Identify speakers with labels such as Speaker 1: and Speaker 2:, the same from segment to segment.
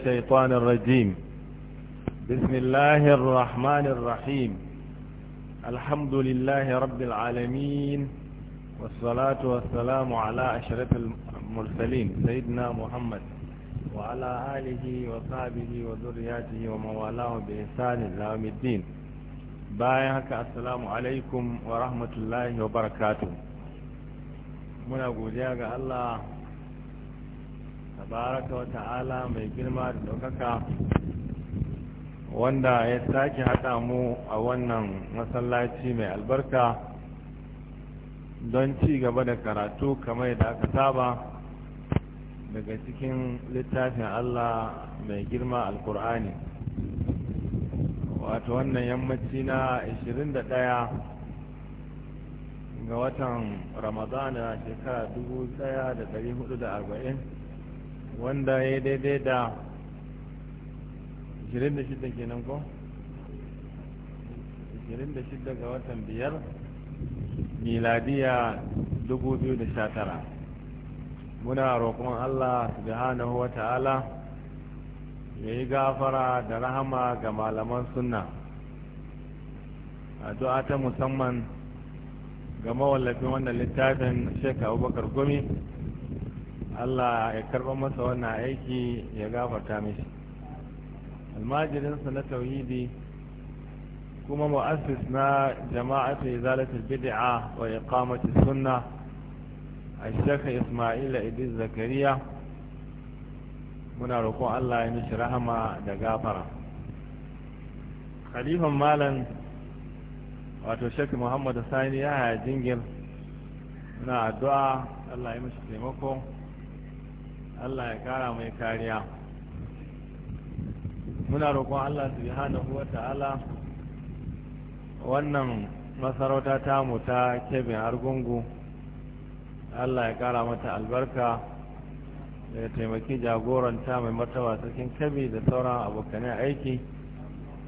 Speaker 1: الشيطان الرجيم بسم الله الرحمن الرحيم الحمد لله رب العالمين والصلاة والسلام على أشرف المرسلين سيدنا محمد وعلى آله وصحبه وذرياته وموالاه بإحسان يوم الدين بايعك السلام عليكم ورحمة الله وبركاته muna godiya ga Allah tabaraka wa ta'ala mai girma da daukaka wanda ya sake haɗa mu a wannan masallaci mai albarka don ci gaba da karatu kamar da aka saba daga cikin littafin Allah mai girma alkur'ani wato wannan yammaci na 21 ga watan ramadana shekara 1440 wanda ya daidai da 26 kenan ko 26 ga watan biyar miladiya 2019 muna roƙon allah subhanahu wa ta'ala ya yi gafara da rahama ga malaman sunna addu'a ta musamman ga mawallafin wannan littafin shekaru bakar gumi Allah ya karɓa masa wannan aiki ya gafarta mishi almajirinsa na tauhidi kuma mu'assis na jama'a jama'atu izalatul bid'a wa iqamati sunna الشيخ إسماعيل idris Zakariya muna roƙon Allah ya mishi rahama da gafara khalifan malam wato shek Muhammadu sani ya jingir na addu'a Allah ya mishi taimako Allah ya kara mai kariya muna roƙon Allah su hana wa ta'ala wannan masarauta tamu ta kebin argungu Allah ya kara mata albarka da taimaki jagoranta mai martaba cikin kebi da sauran abokanai aiki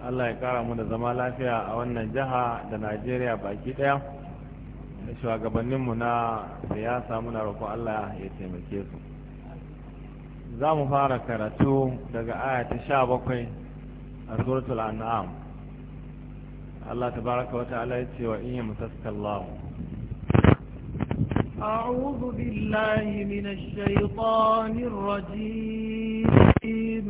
Speaker 1: Allah ya kara mu da zama lafiya a wannan jiha da Najeriya baki ɗaya da shugabanninmu na siyasa muna roƙon Allah ya taimake su za mu fara karatu daga aya ta sha bakwai a suratul an'am Allah tabaraka wa ta'ala ya ce wa in yi musaskallahu
Speaker 2: أعوذ بالله من الشيطان الرجيم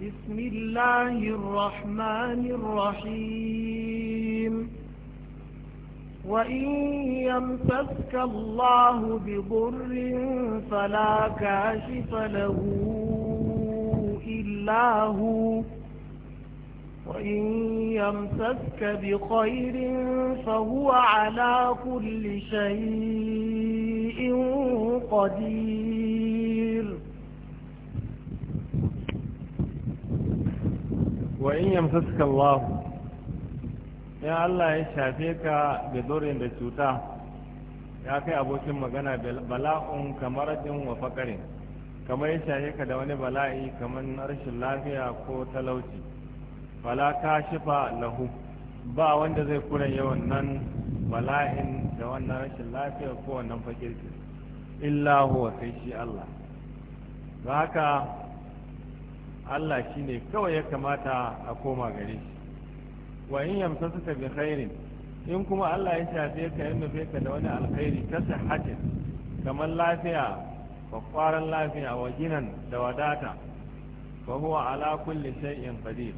Speaker 2: بسم الله الرحمن الرحيم وإن يمسك الله بضر فلا كاشف له إلا هو وإن يمسك بخير فهو على كل شيء قدير
Speaker 1: وإن يمسك الله in Allah ya shafe ka da dorin da cuta ya kai abokin magana bala'un kamar jin wa fakarin kamar ya shafe ka da wani bala'i kamar rashin lafiya ko talauci bala ka shifa lahu ba wanda zai kura yawan nan bala'in da wannan rashin lafiya ko wannan fakirki illa huwa sai shi Allah haka Allah shi ne kawai ya kamata a koma gare shi wa in yamsasuka bi khairin in kuma Allah ya shafe ka ya nufe ka da wani alkhairi ta sihhatin kamar lafiya kwakwaran lafiya wa ginan da wadata fa huwa ala kulli shay'in qadir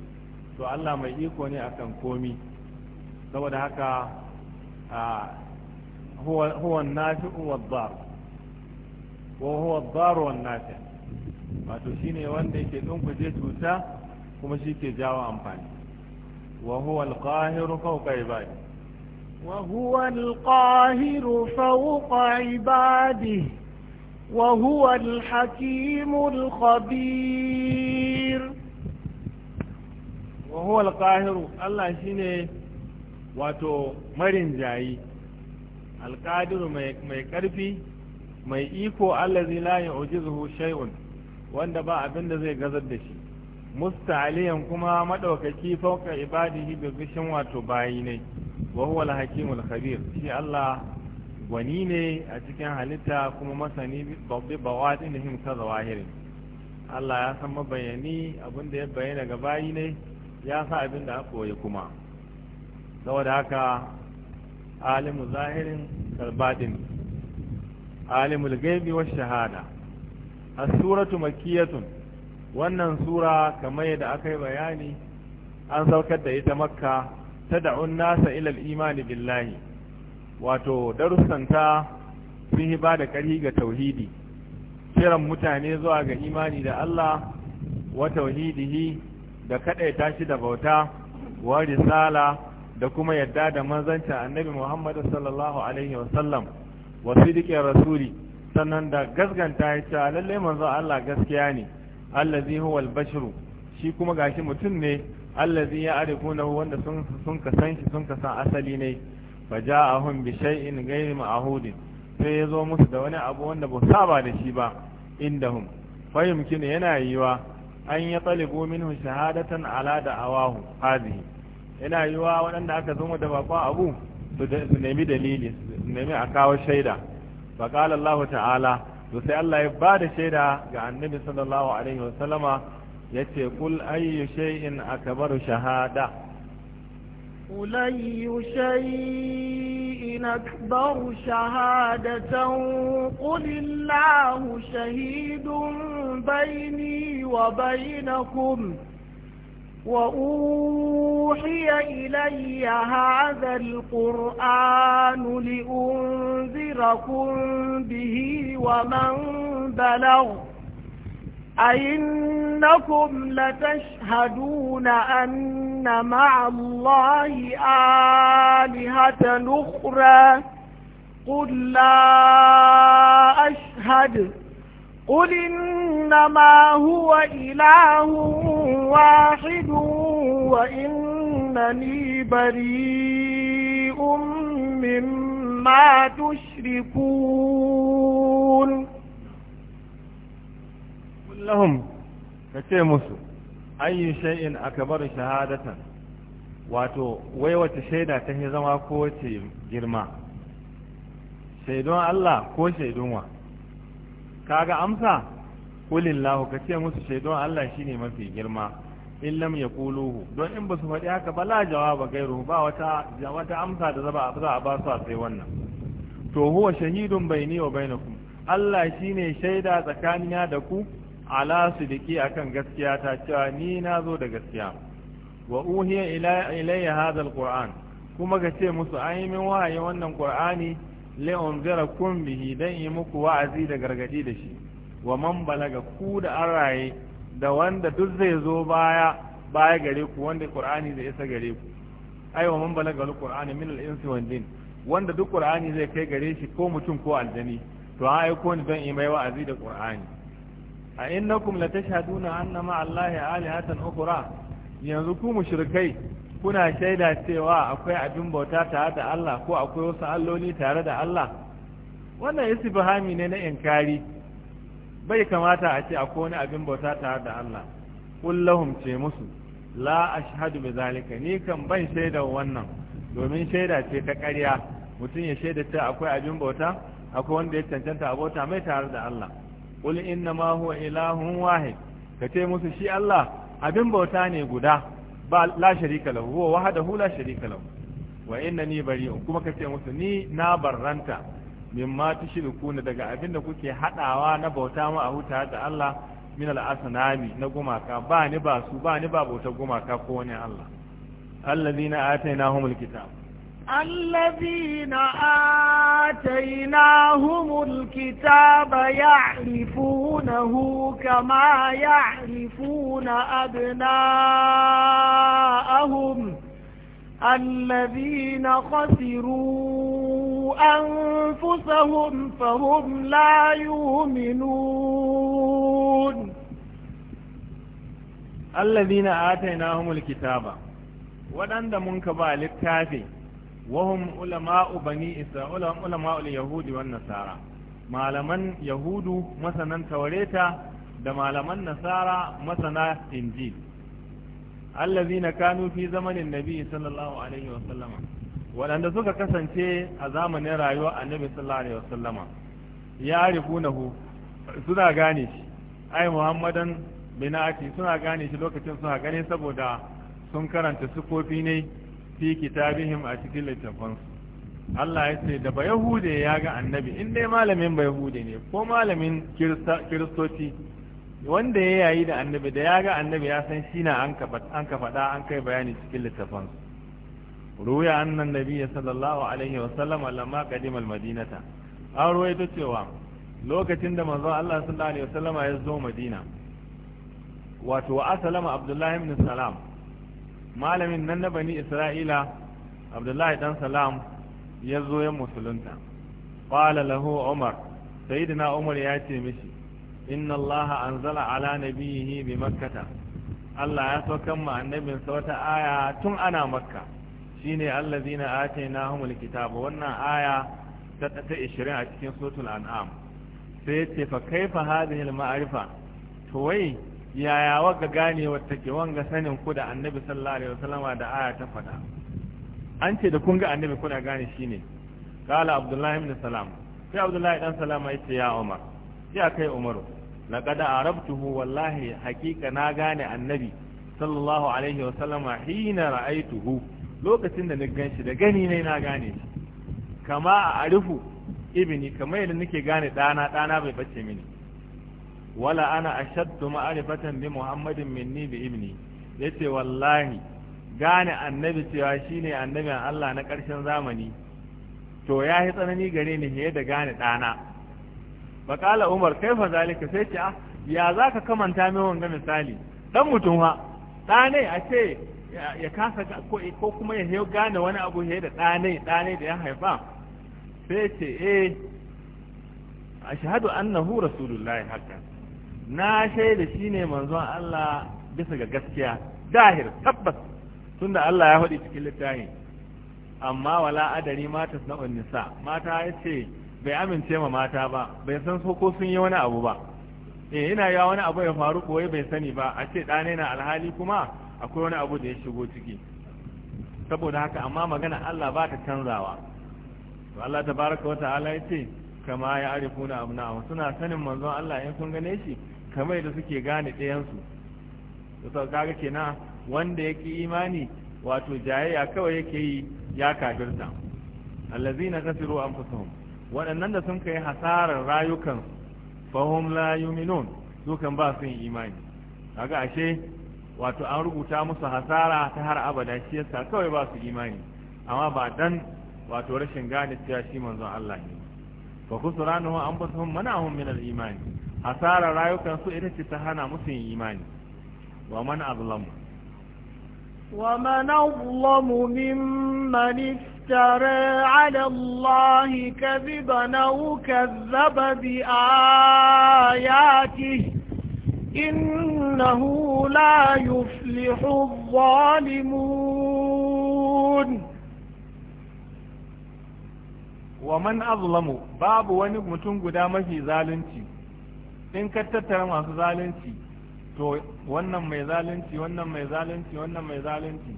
Speaker 1: to Allah mai iko ne akan komi saboda haka huwa huwa nafi'u wad-dar wa huwa ad-dar wan-nafi' wato shine wanda yake dunkuje cuta kuma shi ke jawo amfani وهو القاهر فوق عباده
Speaker 2: وهو القاهر فوق عباده وهو الحكيم الخبير وهو القاهر الله
Speaker 1: شيني واتو مرن جاي القادر مي كرفي مي ايكو الذي لا يعجزه شيء wanda ba abin da zai دشي musta'aliyan kuma madaukaki fauka ibadihi da gishin wato bayi ne wa huwa al-hakimul khabir shi Allah gwani ne a cikin halitta kuma masani babbi bawadin da himta zawahirin Allah ya san mabayani abin ya bayyana ga bayi ne ya sa abin da aka kuma saboda haka alimu zahirin kalbadin alimul gaibi wa shahada as-suratu makkiyatun wannan sura kamar yadda aka yi bayani an saukar da ita makka ta da'un nasa ilal imani billahi wato darussanta sun yi ba da ƙarfi ga tauhidi kiran mutane zuwa ga imani da Allah wa tauhidihi da kaɗaita shi da bauta wa risala da kuma yadda da manzanta annabi Muhammad sallallahu alaihi wasallam wa sidiqir rasuli sannan da gasganta ya ce lallai manzon Allah gaskiya ne allazi huwa al shi kuma gashi mutum ne allazi ya arifuna wanda sun sun kasan shi sun kasan asali ne fa ja'ahum bi shay'in ghayri ma'hudin sai ya zo musu da wani abu wanda ba saba da shi ba indahum fa yumkinu yana yiwa an ya talibu minhu shahadatan ala da'awahu hadhihi yana yiwa waɗanda aka zo da bakon abu su nemi dalili su nemi a kawo shaida fa qala Allah ta'ala to sai Allah ya ba da shaida ga annabi sallallahu alaihi ya yace kul ayyu shay'in akbaru shahada
Speaker 2: kul ayyu shay'in akbaru shahadatan qul illahu shahidun bayni wa baynakum وأوحي إلي هذا القرآن لأنذركم به ومن بلغ أئنكم لتشهدون أن مع الله آلهة أخرى قل لا أشهد قل إنما هو إله واحد وإنني بريء مما تشركون قل لهم
Speaker 1: كتيمسوا أي شيء أكبر شهادة واتو ويوة shaida ta zama ko ce الله shaidon Allah ko kaga amsa kulillahu ka ce musu shaidon Allah shine mafi girma in lam yaquluhu don in basu faɗi haka ba la jawaba gairu ba wata wata amsa da zaba za a ba su sai wannan to huwa shahidun baini wa bainakum Allah shine shaida tsakanina da ku ala sidiki akan gaskiya ta cewa ni na zo da gaskiya wa uhiya ilayya hadha alquran kuma ka ce musu ayi min wahayi wannan qur'ani li'unzira kun bihi dan yi muku wa'azi da gargadi da shi wa man balaga ku da an raye da wanda duk zai zo baya baya gare ku wanda qur'ani zai isa gare ku ai wa man balaga al-qur'ani min al-insi wal jin wanda duk qur'ani zai kai gare shi ko mutum ko aljani to ai ko ni dan yi mai wa'azi da qur'ani a innakum latashhaduna anna ma'a allahi alihatan ukhra yanzu ku mushrikai kuna shaida cewa akwai abin bauta tare da Allah ko akwai wasu alloli tare da Allah wannan istifhami ne na inkari bai kamata a ce akwai wani abin bauta tare da Allah kullahum ce musu la ashhadu bi zalika ni kan ban shaida wannan domin shaida ce ta ƙarya mutum ya shaida cewa akwai abin bauta akwai wanda ya cancanta abota mai tare da Allah qul inna ma huwa ilahun wahid kace musu shi Allah abin bauta ne guda ba la sharika lahu huwa wahdahu la sharika lahu wa innani bari'un kuma kace musu ni na barranta mimma tushrikuna daga abinda kuke hadawa na bauta mu a huta da Allah min al-asnami na gumaka ba ni ba su ba ni ba bauta gumaka ko wani Allah allazina atainahumul kitab
Speaker 2: الذين آتيناهم الكتاب يعرفونه كما يعرفون يستضعفون أبناءهم الذين خسروا أنفسهم فهم لا يؤمنون
Speaker 1: الذين آتيناهم الكتاب ودند منكبا للتافي وهم علماء بني إسرائيل وهم علماء اليهود والنصارى malaman yahudu masanan taureta da malaman nasara masana injil allazina kanu fi zamanin nabi sallallahu alaihi wa sallama waɗanda suka kasance a zamanin rayuwa annabi sallallahu alaihi wa sallama ya rifunahu suna gane shi ai muhammadan binati suna gane shi lokacin suna gane saboda sun karanta sukofi ne fi kitabihim a cikin littattafansu. Allah ya ce da ba Yahude ya ga annabi in dai malamin ba Yahude ne ko malamin kiristoci wanda ya yayi da annabi da ya ga annabi ya san shi na an ka faɗa an kai bayani cikin littafan ruya annan nabi sallallahu alaihi wa sallam lamma qadima madinata an ruwaito cewa lokacin da manzo Allah sallallahu alaihi wa sallama ya zo Madina wato wa aslama Abdullah ibn Salam malamin nan na bani Isra'ila Abdullah dan Salam ya zo ya musulunta qala lahu Umar sayyidina Umar ya ce mishi inna allaha anzala ala nabiyihi bi makkata Allah ya saukan ma annabinsa wata aya tun ana makka shine allazina atainahumul kitaba wannan aya ta 20 a cikin suratul an'am sai ce fa kaifa hadhihi al ma'rifa to wai yaya waga ganewar take wanga sanin ku da annabi sallallahu alaihi wasallama da aya ta fada an ce da kun ga annabi kuna gane shine qala abdullahi ibn salam sai abdullahi dan salama yace ya umar sai a kai umaru laqad arabtuhu wallahi hakika na gane annabi sallallahu alaihi wa sallama hina ra'aituhu lokacin da na ganshi da gani ne na gane shi kama a arifu ibni kamar yadda nake gane dana dana bai bace mini wala ana ashaddu ma'rifatan bi muhammadin minni bi ibni yace wallahi gane annabi cewa shine annabi Allah na karshen zamani to ya yi tsanani gare ni fiye da gane dana. Bakala umar sai fa zalika sai ce ah, ya za kamanta min wanga misali dan mutum ha ɗa a ce ya kasa ko kuma ya gane wani abu ya da ɗane ne da ya haifa sai ce eh ashhadu annahu rasulullahi hakka na shaida shine manzon Allah bisa ga gaskiya dahir tabbas tunda Allah ya faɗi cikin littafi amma wala adari mata na nisa mata yace bai amince ma mata ba bai san so sun yi wani abu ba eh ina ya wani abu ya faru koyi bai sani ba a ce ɗane na alhali kuma akwai wani abu da ya shigo ciki saboda haka amma magana Allah ba ta canzawa to Allah wata ala ya ce kama ya na abna'u suna sanin manzon Allah in sun gane shi kama da suke gane ɗayan su to sau kaga kenan wanda yake imani wato jayayya kawai yake yi ya kafirta allazina kasiru anfusuhum waɗannan da sun kai hasarar rayukan fahim la yuminun dukan ba su yin imani kaga ashe wato an rubuta musu hasara ta har abada shi yasa kawai ba su imani amma ba dan wato rashin gane cewa shi manzon Allah ne fa kusuranu an basuhum manahum min al-imani hasara rayukan su ita ce ta hana musu yin imani wa man azlam
Speaker 2: wa man ممن mimman افترى على الله كذبا أو كذب بآياته إنه لا يفلح الظالمون ومن أظلم باب
Speaker 1: ونمتن قدامه ظالنتي إن كتتر ما ظالنتي to wannan mai zalunci wannan mai zalunci wannan mai zalunci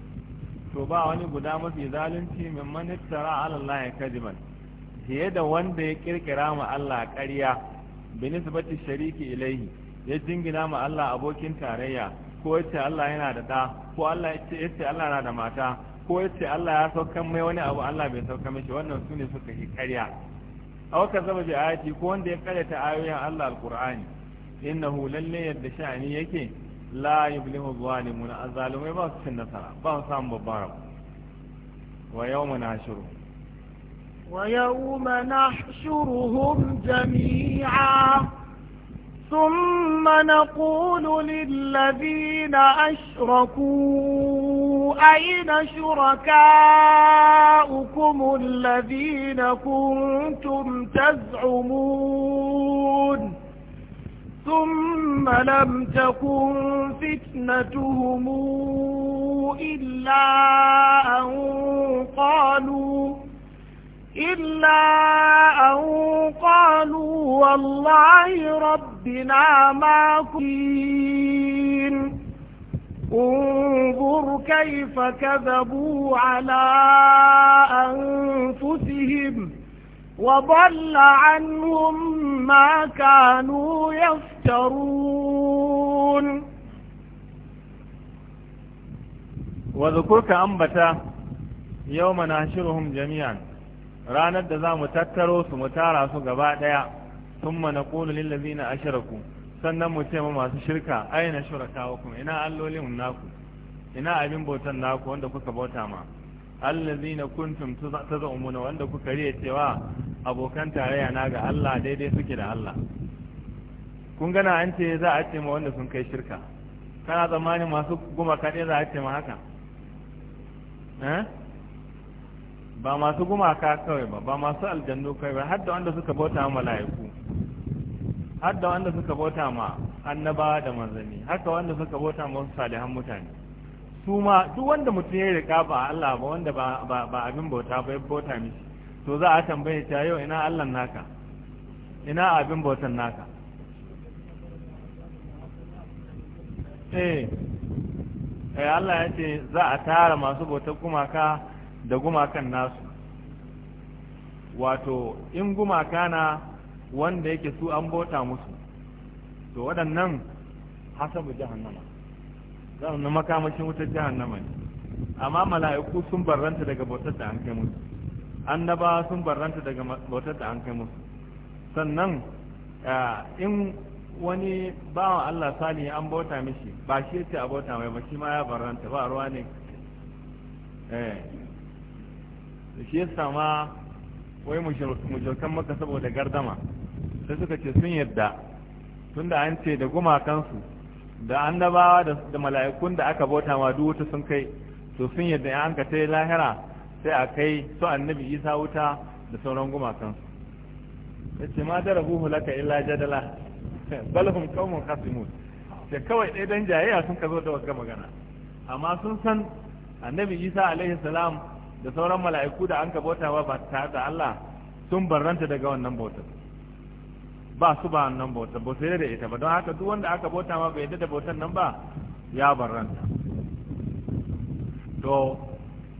Speaker 1: to ba wani guda mafi zalunci min tara ala Allah kadiban fiye da wanda ya kirkira ma Allah ƙarya bi nisbati shariki ilaihi ya jingina ma Allah abokin tarayya ko yace Allah yana da da ko Allah yace Allah yana da mata ko yace Allah ya saukan mai wani abu Allah bai saukan mishi wannan sune suka yi ƙarya aw ka zama bi ayati ko wanda ya ta ayoyin Allah alqur'ani innahu lalle yadda sha'ani yake la yublihu zalimuna azzalumai ba su cin nasara ba su samu babban rabu wa yawma nashuru
Speaker 2: wa yawma nahshuruhum jami'a ثم نقول للذين أشركوا أين شركاؤكم الذين كنتم تزعمون ثم لم تكن فتنتهم إلا أن قالوا إلا أن قالوا والله ربنا ما كين انظر كيف كذبوا على أنفسهم وضل عنهم ما كانوا يفترون
Speaker 1: وذكرك أنبتا يوم نهشرهم جميعا ranar da za mu tattaro su mu tara su gaba ɗaya sun mana ƙulu lillazi na ashiraku sannan mu ce ma masu shirka aina shuraka ina allolin naku ina abin bautan naku wanda kuka bauta ma allazina kuntum tazumuna wanda kuka riya cewa abokan tarayya na ga Allah daidai suke da Allah kun gana an ce za a ce ma wanda sun kai shirka kana tsammani masu gumaka ɗaya za a ce ma haka eh? ba masu gumaka kawai ba ba masu aljannu kawai ba har da wanda suka bauta ma mala'iku har da wanda suka bauta ma annabawa da manzanni haka wanda suka bauta ma wasu salihan mutane su ma duk wanda mutum ya rika ba Allah ba wanda ba abin bauta ba ya bauta mishi to za a tambaye ta yau ina Allah naka ina abin bautan naka eh eh Allah ya ce za a tara masu bautar gumaka da gumakan nasu wato in gumaka na wanda yake su an bauta musu to waɗannan hasabu jahannama na makamashin wutar jahannama ne amma mala'iku sun barranta daga bautar da an kai musu annaba sun barranta daga bautar da an kai musu sannan in wani bawan Allah sani an bauta mishi ba shi yace a bauta mai ba shi ma ya barranta ba ruwa ne eh shi yasa ma wai mujirkan maka saboda gardama sai suka ce sun yarda tunda an ce da gumakansu da annabawa da mala'ikun da aka bauta ma duk wuta sun kai to sun yadda an ka ta lahira sai a kai su annabi isa wuta da sauran gumakan ya ce ma da rabu hulaka illa jadala balhum kaumun kasimun da kawai ɗaya dan jayayya sun ka zo da wata magana amma sun san annabi isa alaihi salam da sauran mala'iku da an ka bauta ba tare da allah sun barranta daga wannan bautar ba su ba nan bautar ba sai da ita ba don haka duk wanda aka bauta ma bai yadda da bautar nan ba ya ranta. to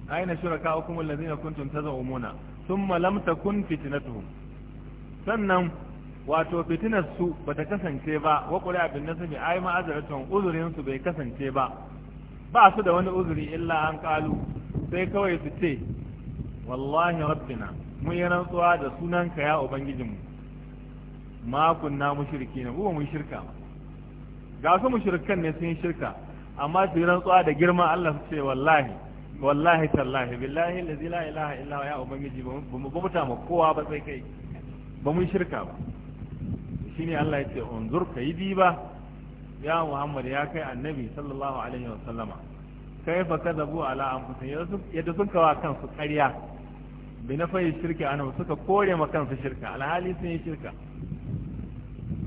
Speaker 1: aina shuraka hukum allazina kuntum tazumuna thumma lam takun fitnatuhum sannan wato fitinar su bata kasance ba wa qul abin nasabi ai ma azratun uzurin su bai kasance ba ba su da wani uzuri illa an kalu sai kawai su ce wallahi rabbina mu yi rantsuwa da sunanka ya ubangijinmu ma kunna mushrikina ne ba mun shirka ba ga su mushrikan ne sun shirka amma su yi rantsuwa da girma Allah su ce wallahi wallahi tallahi billahi allazi la ilaha illa ya ubangiji ba mu gumta ma kowa ba sai kai ba mun shirka ba shine Allah ya ce unzur kai bi ba ya Muhammad ya kai annabi sallallahu alaihi wa sallama fa kadabu ala anfusihim yadda sun kawa kansu ƙarya bi na fayi shirka ana suka kore ma kansu shirka alhali sun yi shirka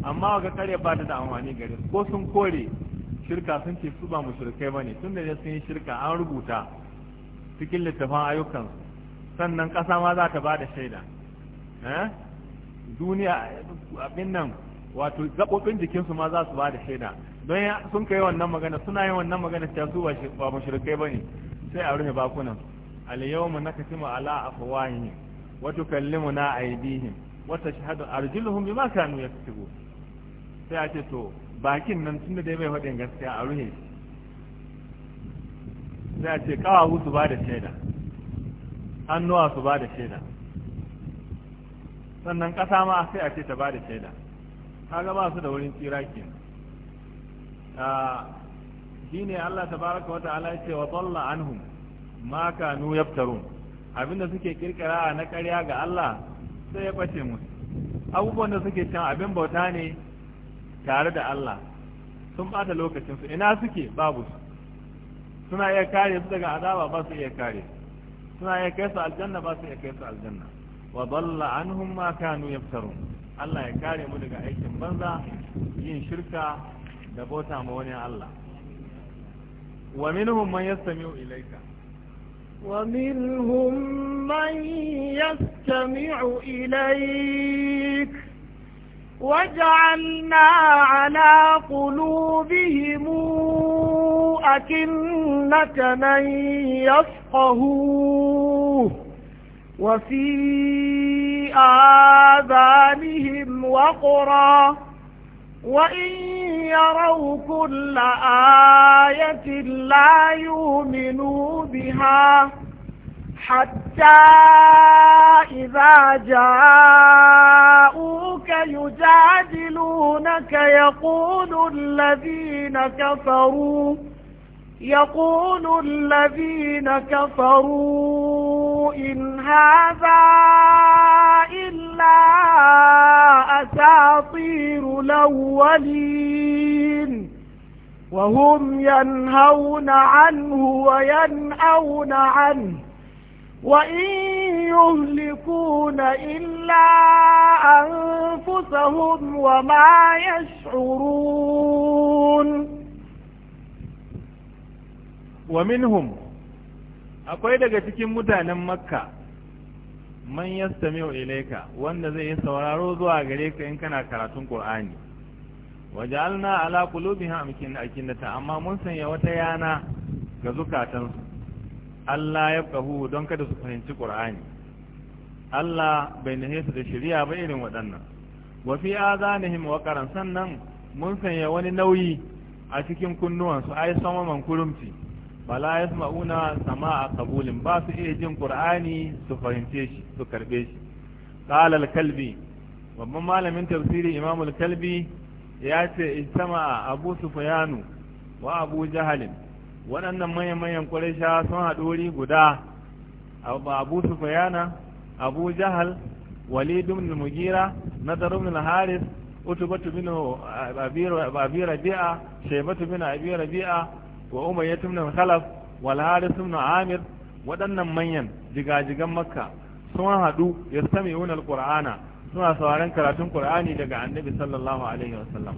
Speaker 1: amma ga kare ba ta da amfani gare ko sun kore shirka sun ce su ba ba ne tun da sun yi shirka an rubuta cikin littafin ayyukan sannan kasa ma za ta ba da shaida eh? duniya abin nan wato gabobin jikinsu ma za su ba da shaida don sun kai wannan magana suna yin wannan magana cewa su ba ba ne sai a rufe bakunan al yawma nakatimu ala afwahihim wa tukallimuna aydihim wa tashhadu bi ma kanu fi sai a ce to bakin nan tun da mai faɗin gaskiya a ruhe sai a ce kawawu su ba da shaida hannuwa su ba da shaida sannan ƙasa ma sai a ce ta ba da shaida ta ba su da wurin tsira ke shi ne Allah ta baraka wata ala ce wa tsalla an hun ma kanu yaftarun abinda suke kirkira na karya ga Allah sai ya ɓace musu abubuwan da suke can abin bauta ne tare da Allah sun bata lokacinsu ina suke babu su suna iya kare su daga azaba ba su iya kare suna iya kai su aljanna ba su iya kai su aljanna wa dalla anhum ma kanu yaftarun Allah ya kare mu daga aikin banza yin shirka da bauta ma wani Allah wa minhum man yastami'u ilayka
Speaker 2: wa minhum man yastami'u ilayka وجعلنا على قلوبهم أكنة من يفقهوه وفي آذانهم وقرا وإن يروا كل آية لا يؤمنوا بها حتى إذا جاءوا يجادلونك يقول الذين كفروا يقول الذين كفروا إن هذا إلا أساطير الأولين وهم ينهون عنه وينأون عنه وإن يهلكون إلا أنفسهم وما يشعرون
Speaker 1: ومنهم akwai daga cikin mutanen makka man sami ilayka wanda zai yi sauraro zuwa gare ka in kana karatun qur'ani waja'alna ala qulubihim akinnata amma mun sanya wata yana ga zukatansu Allah ya fahu don kada su fahimci Qur'ani Allah bai nahe su da shari'a ba irin waɗannan wa fi azanihim qaran sannan mun sanya wani nauyi a cikin kunnuwansu ai sama man kurumci bala yasma'una sama'a qabulin ba su iya jin Qur'ani su fahimce shi su karbe shi qala al-kalbi babban malamin tafsiri Imam al-Kalbi ya ce ijtama'a Abu Sufyanu wa Abu Jahalin waɗannan manyan-manyan ƙwarisha sun haɗu wuri guda abu sufiyana abu jahal walid ibn mugira nadar ibn haris utubatu uh, bin abi rabi'a shaybatu bin abi rabi'a wa umayyah ibn khalaf wal haris ibn amir waɗannan manyan jigajigan makka sun haɗu ya sami yastami'una ƙur'ana, suna sauraron karatun ƙur'ani daga annabi sallallahu alaihi wasallam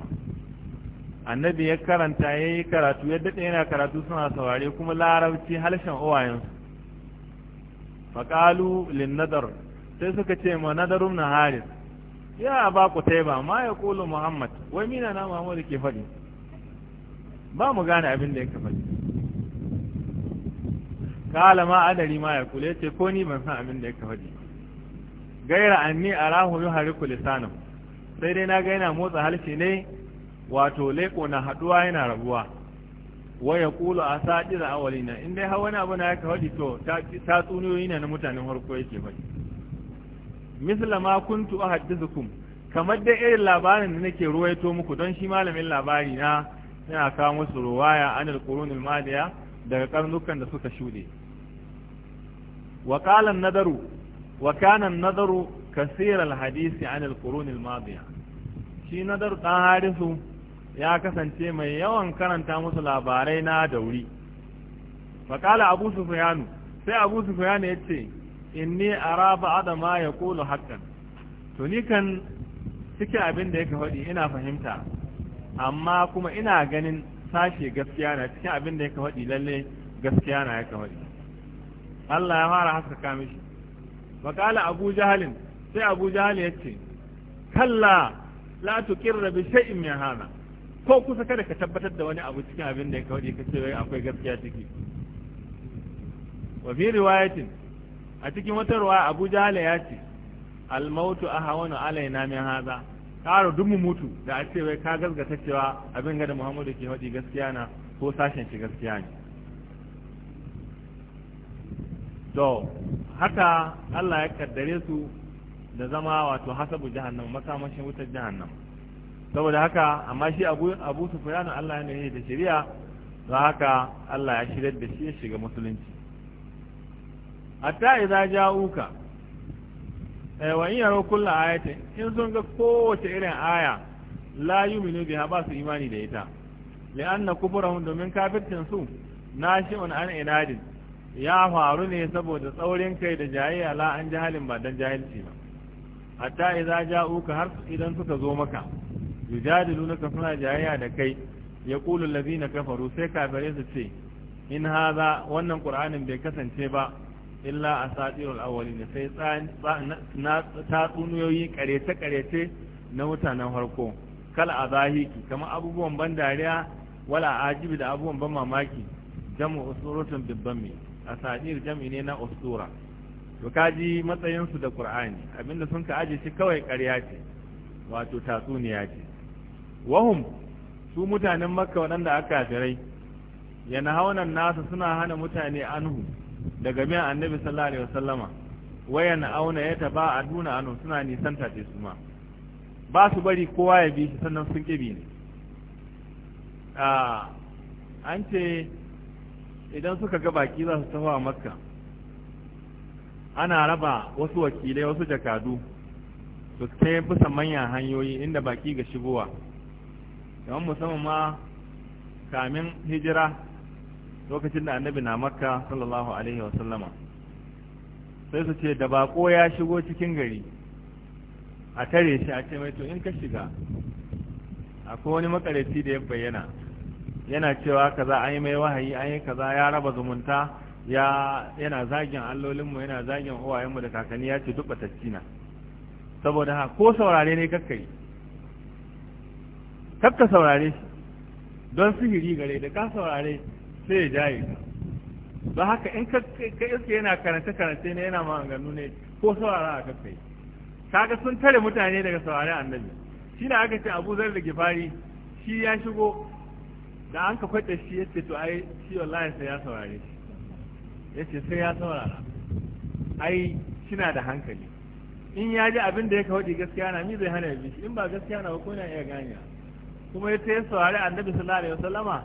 Speaker 1: annabi ya karanta ya yi karatu ya daɗe yana karatu suna saurare kuma larabci halshen uwayensu faƙalu nadar sai suka ce ma nadarun na haris ya ba ku taiba ma ya kolo muhammad wai mina na muhammad ke faɗi ba mu gane abin da yake faɗi kala ma adari ma ya kula ce ko ni ban san abin da yake faɗi gaira anni arahu yuhariku lisanahu sai dai na ga yana motsa halshe ne wato leko na haduwa yana raguwa wa ya kulu a da awalina in dai hawa abu na ya kawai to ta tsuniyoyi na mutanen harko yake bai misla ma kuntu a kamar dai irin labarin da nake ruwaito muku don shi malamin labari na yana kawo musu ruwaya an alqurunul madiya daga karnukan da suka shude wakalan qala an-nadaru wa nadaru kaseer hadisi an shi nadaru dan harisu ya kasance mai yawan karanta musu labarai na da wuri faƙala abu sufiyanu sai abu sufiyanu ya ce in ni a raba adama ya kolo haƙƙan to ni kan cikin abin da yake faɗi ina fahimta amma kuma ina ganin sashe gaskiya na cikin abin da yake faɗi lalle gaskiya na yake faɗi Allah ya fara haska kamishi faƙala abu jahalin sai abu jahalin ya ce kalla la tuqirra bi shay'in min hana ko kusa kada ka tabbatar da wani abu cikin abin da ya kawai ka ce wai akwai gaskiya ciki wa fi riwayatin a cikin wata ruwa Abu jahala ya ce almautu hawa na ahawanu na min haza karo dumu mutu da a ce wai ka gaskata cewa abin gada Muhammadu ke haɗi gaskiya na ko sashen shi gaskiya ne to haka Allah ya kaddare su da zama wato hasabu jahannam makamashin wutar jahannam saboda haka amma shi abu su sufyan Allah ya nuna da shari'a don haka Allah ya shirya da shi ya shiga musulunci hatta idza ja'uka eh wa in yaro kullu ayatin in sun ga kowace irin aya la yu'minu biha ba su imani da ita li'anna hun domin kafircin su wani an inadin ya faru ne saboda tsaurin kai da jayayya la an jahalin ba dan jahilci ba hatta ja uka har idan suka zo maka yujadilunaka suna jayayya da kai ya yaqulu na kafaru sai kafare su ce in haza wannan qur'anin bai kasance ba illa asatirul awwalin sai ta tatsuniyoyi karece karece na mutanen farko a zahiki kamar abubuwan ban dariya wala ajibi da abubuwan ban mamaki jamu usurutun bibban mai asatir jam'i ne na usura to kaji matsayin su da ƙur'ani abinda sun ka aje shi kawai ƙarya ce wato tatsuniya ce wahum su mutanen makka waɗanda aka kafirai yana haunan nasu suna hana mutane anhu daga miyan annabi sallallahu alaihi wasallama wayan auna ya taba a duna anhu suna nisan tace su ma ba su bari kowa ya bi shi sannan sun kibi ne an ce idan suka ga baki za su tafa makka ana raba wasu wakilai wasu jakadu su kai bisa manyan hanyoyi inda baki ga shigowa yawan musamman ma kamin hijira lokacin da annabi na makka sallallahu alaihi wasallama sai su ce da bako ya shigo cikin gari a tare shi a ce mai to in ka shiga akwai wani makaraci da ya bayyana yana cewa kaza an yi mai wahayi an yi kaza ya raba zumunta yana zagin allolinmu yana zagin uwayenmu da kakanni ya ce duk batacci na saboda ha ko saurare ne kakkai kakka saurare shi don sihiri gare da ka saurare sai ya jaye ka don haka in ka iske yana karanta karanta ne yana maganganu ne ko saurara a kakka yi kaga sun tare mutane daga saurare annabi shi ne aka ce abu zar da gifari shi ya shigo da an ka kwaɗe shi ya ce to ai shi wallahi sai ya saurare shi ya ce sai ya saurara ai shina da hankali in ya ji abin da ya kawo gaskiya na mi zai hana ya bi shi in ba gaskiya na ba ko na iya ganiya kuma ya ta saurari annabi sallallahu alaihi wasallama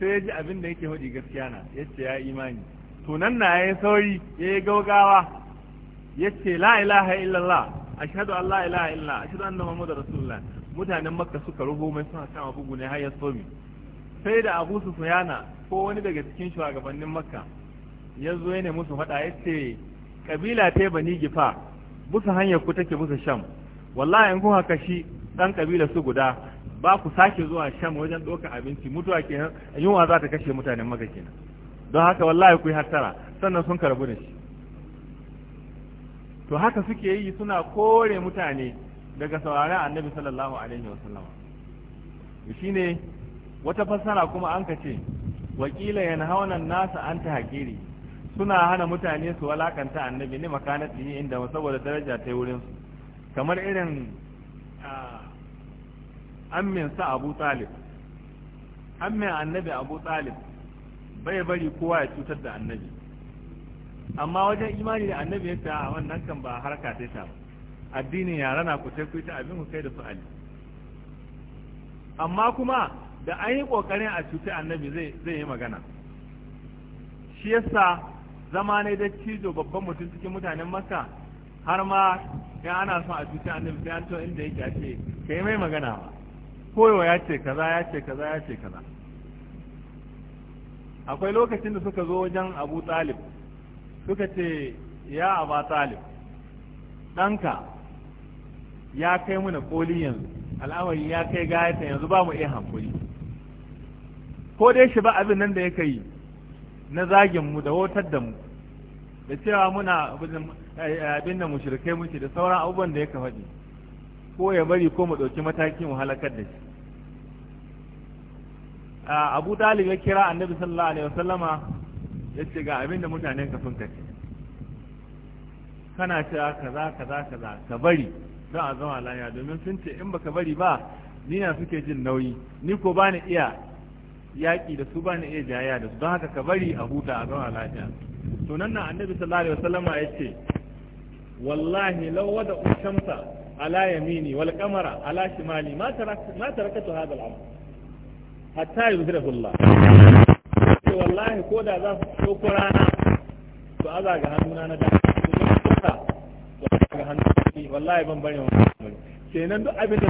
Speaker 1: sai ya ji abin da yake hudi gaskiya na ya ce ya imani to nan na ya sauri ya yi gaugawa ya ce la ilaha illallah ashhadu an la ilaha illallah ashhadu anna muhammadar rasulullah mutanen makka suka ruhu mai suna kama bugu ne har ya somi sai da abu suyana ko wani daga cikin shugabannin makka ya zo ya musu faɗa ya ce kabila ta yi bani gifa busa hanyar ku take busa sham wallahi in kun haka shi dan kabila su guda ba ku sake zuwa sham wajen ɗaukar abinci mutuwa kenan yunwa za ta kashe mutanen maka kenan don haka wallahi ku yi hattara sannan sun karbu da shi to haka suke yi suna kore mutane daga sauraron annabi sallallahu alaihi wasallam ne wata fassara kuma an ka ce wakila yanhauna nasa an ta hakiri suna hana mutane su walakanta annabi ne makanatihi inda saboda daraja ta wurin wurinsu kamar irin ah, ammin sa abu talib ammin annabi abu talib bai bari kowa ya cutar da annabi amma wajen imani da annabi ya ta a wannan kan ba harka ta ta addinin yara na ku sai ta abin ku kai da su ali amma kuma da an yi kokarin a cuta annabi zai yi magana shi yasa zama ne da cizo babban mutum cikin mutanen makka har ma in ana son a cuta annabi sai an to inda yake a ce kai mai magana ba koyo ya ce kaza ya ce kaza ya ce kaza akwai lokacin da suka zo wajen abu talib suka ce ya abu talib ɗanka ya kai mana koli yanzu al'amari ya kai gayata yanzu ba mu iya hankuli ko dai shi ba abin nan da ya kai na zagin mu da wotar da mu da cewa muna abin da eh, mu shirkai muke da sauran abubuwan da ya faɗi ko ya bari ko mu ɗauki matakin halakar da shi abu dalib ya kira annabi sallallahu alaihi wasallama ya ce ga abin da mutanen ka sun kace kana cewa kaza kaza kaza ka bari don a zama lanya domin sun ce in baka bari ba ni na suke jin nauyi ni ko ba ni iya yaƙi da su ba ni iya jayayya da su don haka ka bari a huta a zama lafiya to nan na annabi sallallahu alaihi wasallama ya ce wallahi law wada ushamsa ala يميني والقمر على شمالي ما ma ما تركت هذا الامر حتى amr الله والله Allah ذا wallahi ko da za su ko rana aza ga hannuna na da da ga ban bane wannan kenan duk abin da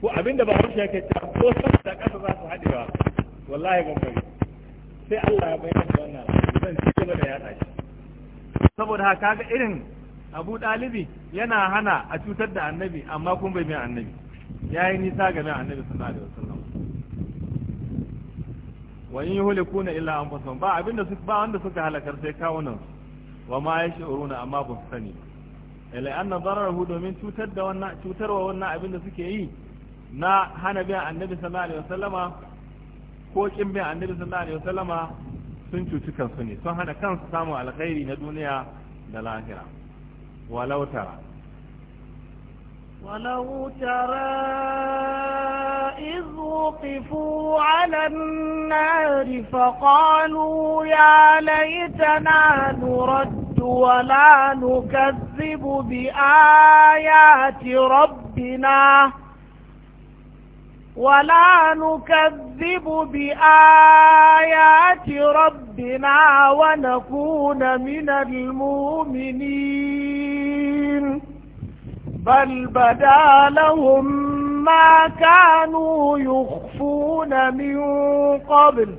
Speaker 1: ko abin ba a rushe yake ta ko da za su wallahi ban bane sai Allah ya bayyana wannan zan ci gaba da shi saboda haka ga irin abu ɗalibi yana hana a cutar da annabi amma kun bai mai annabi ya yi nisa ga mai annabi sallallahu alaihi wasallam wa in yuhlikuna illa anfusahum ba abinda su ba wanda suka halakar sai kawunan wa ma yash'uruna amma ba su sani ila anna dararahu domin cutar da wannan cutarwa wannan abinda suke yi na hana bin annabi sallallahu alaihi wasallama ko kin bin annabi sallallahu alaihi wasallama sun cuci kansu ne sun hana kansu samun alkhairi na duniya da lahira ولو ترى
Speaker 2: ولو ترى إذ وقفوا على النار فقالوا يا ليتنا نرد ولا نكذب بآيات ربنا ولا نكذب بآيات ربنا ونكون من المؤمنين بل بدا لهم ما كانوا يخفون من قبل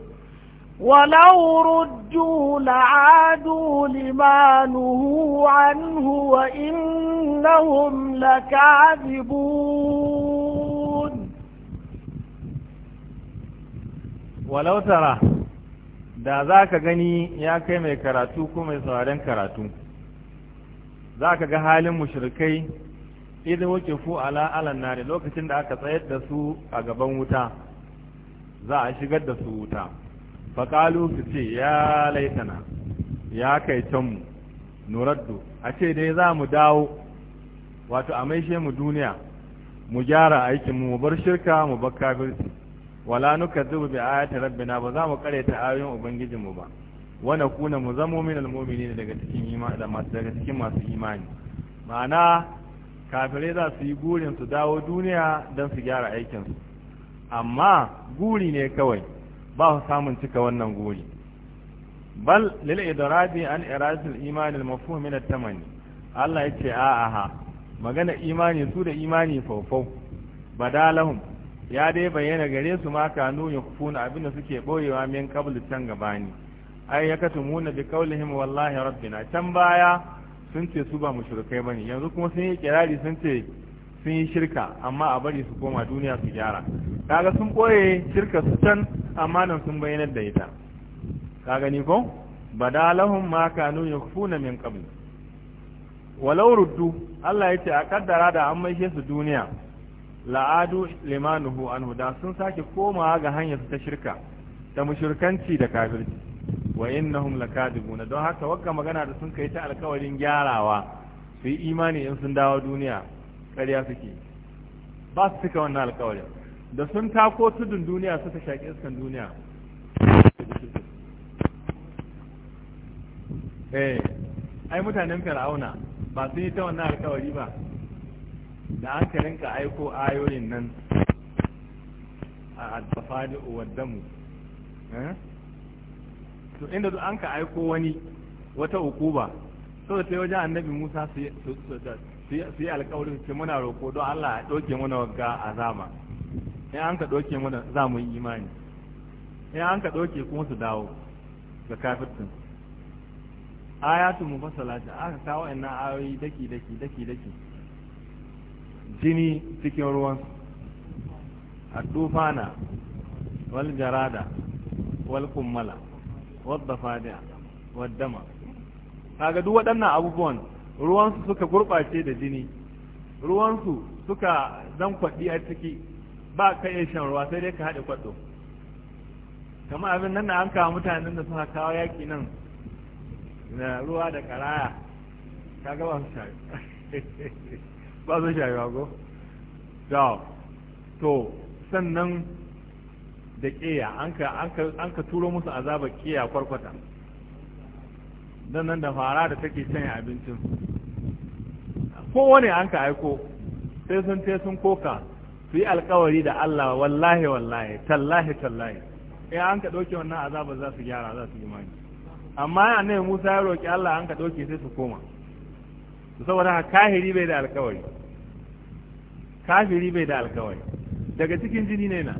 Speaker 2: ولو ردوا لعادوا لما نهوا عنه وإنهم لكاذبون
Speaker 3: walau
Speaker 1: tara da za ka gani ya kai mai karatu ko mai sauraren karatu za ka ga halin mushrikai idan wuce fu ala alan nari lokacin da aka tsayar da su a gaban wuta za a shigar da su wuta faƙalu su ce ya laitana ya kai canmu nuraddu a ce dai za mu dawo wato a maishe mu duniya mu gyara aikinmu mu bar shirka mu bar kafirci wala nuka nukazzibu bi ayati rabbina ba za mu ta ayoyin ubangijin mu ba wa nakuna mu zamo min almu'minin daga cikin imani da masu daga cikin masu imani ma'ana kafirai za su yi gurin su dawo duniya don su gyara aikin su amma guri ne kawai ba su samun cika wannan guri bal lil idrabi an irasil imani al mafhum min at-tamani Allah yace a'a magana imani su da imani Bada badalahum ya dai bayyana gare su ma kanu ya kufuna abinda suke boyewa min qablu can gabani ai ya muna bi kaulihim wallahi rabbina can baya sun ce su ba mushrikai bane yanzu kuma sun yi kirari sun ce sun yi shirka amma a bari su koma duniya su gyara kaga sun boye shirka su can amma nan sun bayyanar da ita ka gani ko badalahum ma kanu yakfuna min qabl walau ruddu Allah yace a kaddara da an maishe su duniya la'adu limanuhu anhu da sun sake komawa ga hanyar ta shirka ta mushrikanci da kafirci wa innahum lakadibuna don haka wakka magana da sun kai ta alkawarin gyarawa su yi imani in sun dawo duniya ƙarya suke ba su cika wannan alkawarin da sun tako tudun duniya suka shaƙi iskan duniya eh ai mutanen fir'auna ba su yi ta wannan alkawari ba da aka rinka aiko ayoyin nan a alfafadi waddamu eh? to inda an ka aiko wani wata hukuba so sai wajen annabi musa su yi alkawarin ce muna roƙo don allah ya ɗauke mana wagga azama in an ka ɗauke mana za mu yi imani in an ka ɗauke kuma su dawo ga kafirtin ayatu mufassala ta aka kawo ina ayoyi daki daki daki daki jini cikin ruwan a wal jarada wal kummala wal fadiya wal dama kaga duk waɗannan abubuwan ruwansu suka gurɓace da jini ruwansu suka zan kwaɗi a ciki ba ka iya shan ruwa sai dai ka haɗe kwaɗo kama abin nan na an kawo mutanen da suka kawo yaƙi nan na ruwa da karaya kaga ba su shari ba zai su ba ko da to sannan da ƙiya an ka turo musu azaba ƙiya kwarkwata don nan da fara da take sanya abincin kowane an ka aiko sai sun te sun koka su yi alkawari da Allah wallahi wallahi tallahi tallahi in an ka ɗauke wannan azaba za su gyara za su yi mani amma ne Musa ya roƙi Allah an ka ɗauke sai su koma saboda haka kahiri bai da alkawari kafiri bai da alkawari daga cikin jini ne na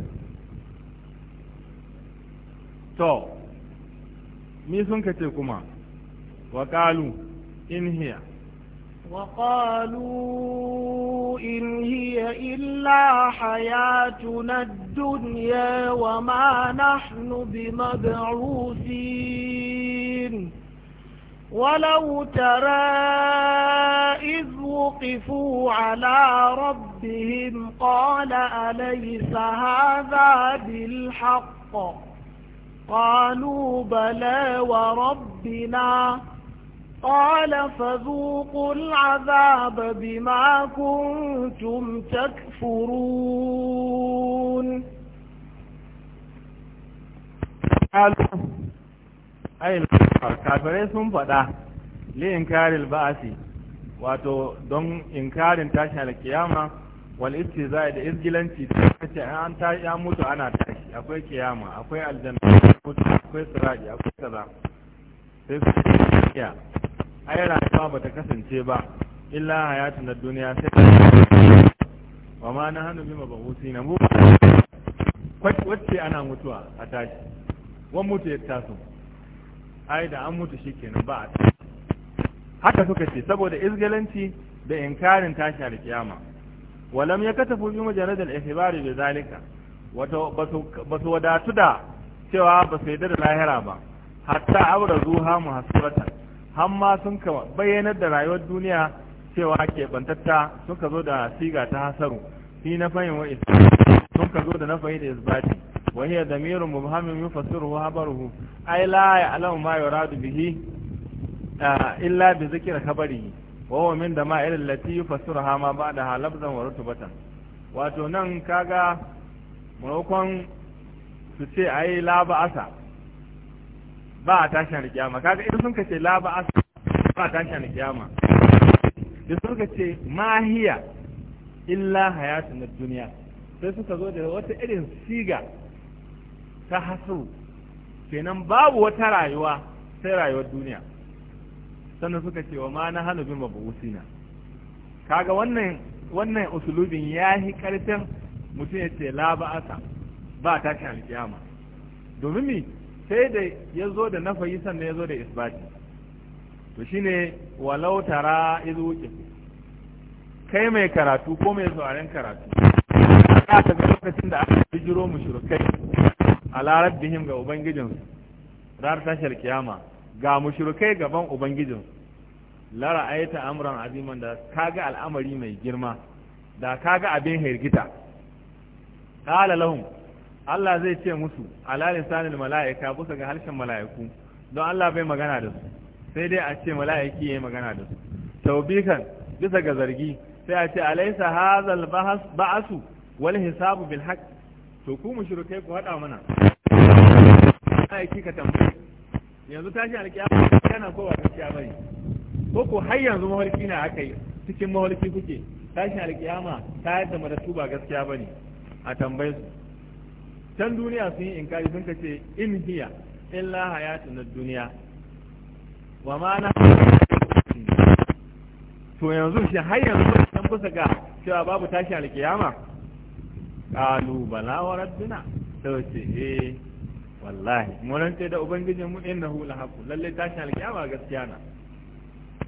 Speaker 1: to ni sun ka ce kuma wa kalu in hiya
Speaker 2: wa kalu in hiya illa hayatuna dunya wa ma nahnu bi ولو ترى إذ وقفوا على ربهم قال أليس هذا بالحق قالوا بلى وربنا قال فذوقوا العذاب بما كنتم تكفرون
Speaker 1: ayil kafirai sun faɗa li inkaril ba'asi wato don inkarin tashin alkiyama wal istiza da izgilanci da kace an ta ya mutu ana tashi akwai kiyama akwai aljanna akwai siraji akwai kaza sai su ya ai rayuwa ba ta kasance ba illa hayatu na duniya sai wa ma na hannu bima bahusi na mu wacce ana mutuwa a tashi wa mutu ya taso ai da an mutu shi kenan ba a haka suka ce saboda izgalanci da inkarin tashi alkiyama walam ya katafu bi mujarrad al-ihbari bi zalika wato basu wadatu da cewa ba su da lahira ba hatta abra zuha har ma sun ka bayyanar da rayuwar duniya cewa ke bantatta suka zo da siga ta hasaru fi na fahimwa
Speaker 4: isbati
Speaker 1: sun ka zo da na fahimta isbati وهي ضمير مبهم يفسره خبره أي لا يعلم ما يراد به إلا بذكر خبره وهو من دمائر التي يفسرها ما بعدها لفظا ورتبة wato nan kaga maimakon su ce a yi laba'asa ba a tashin rikiyama kaga idan sun ka ce laba'asa ba a tashin rikiyama da sun ka ce mahiya illa hayatu na duniya sai suka zo da wata irin siga ta hasu kenan babu wata rayuwa sai rayuwar duniya sannan suka ce wa ma na hannu bin mabusina kaga wannan wannan usulubin ya yi karfin mutum ya ce la ba'asa ba ta ce alkiyama domin mi sai da ya zo da nafayi sannan ya zo da isbati to shine walau tara izu kai mai karatu ko mai zuwaren karatu ta ga lokacin da aka bijiro mushrikai ala rabbihim ga ubangijinsu ranar tashar kiyama ga mushrikai gaban ubangijinsu la ra'aita amran aziman da kaga al'amari mai girma da kaga abin hirgita qala lahum Allah zai ce musu ala lisanil mala'ika busa ga harshen mala'iku don Allah bai magana da su sai dai a ce mala'iki yayi magana da su tawbikan bisa ga zargi sai a ce alaysa hazal ba'asu wal hisabu bil haqq to ku mushrikai ku hada mana aiki ka tambaye yanzu tashi alkiyama yana ko ba gaskiya bane ko ku har yanzu mawalki na aka yi cikin mawalki kuke tashin alƙiyama ta yadda su ba gaskiya bane a tambaye su can duniya sun yi inkari sun kace in hiya illa hayatun na duniya wa ma na to yanzu shi har yanzu san kusa ga cewa babu tashin alƙiyama. Kalu bala wa rabbina ta ce eh wallahi mun rance da ubangijin mu innahu la haqu lalle shi alkiyama gaskiya na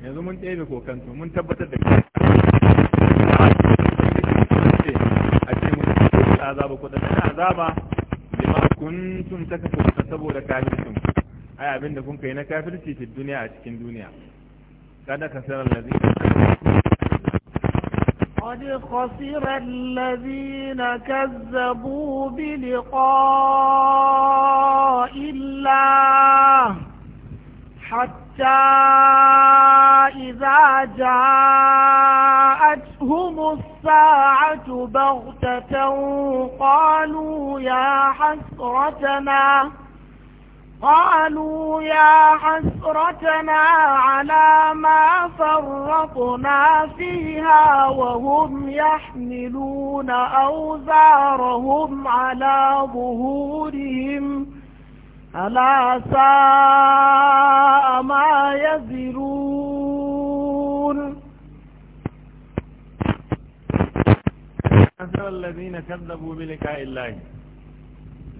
Speaker 4: yanzu mun tsaye to mun tabbatar da a ce mun tsaye azaba ko da azaba tun kuntum takfurun
Speaker 1: saboda kafircin ai abinda kun kai na kafirci fi duniya a cikin duniya kada ka sanar lazina
Speaker 2: قد خسر الذين كذبوا بلقاء الله حتى إذا جاءتهم الساعة بغتة قالوا يا حسرتنا قالوا يا حسرتنا على ما فرطنا فيها وهم يحملون أوزارهم على ظهورهم ألا ساء ما يزرون
Speaker 1: الذين كذبوا بلقاء الله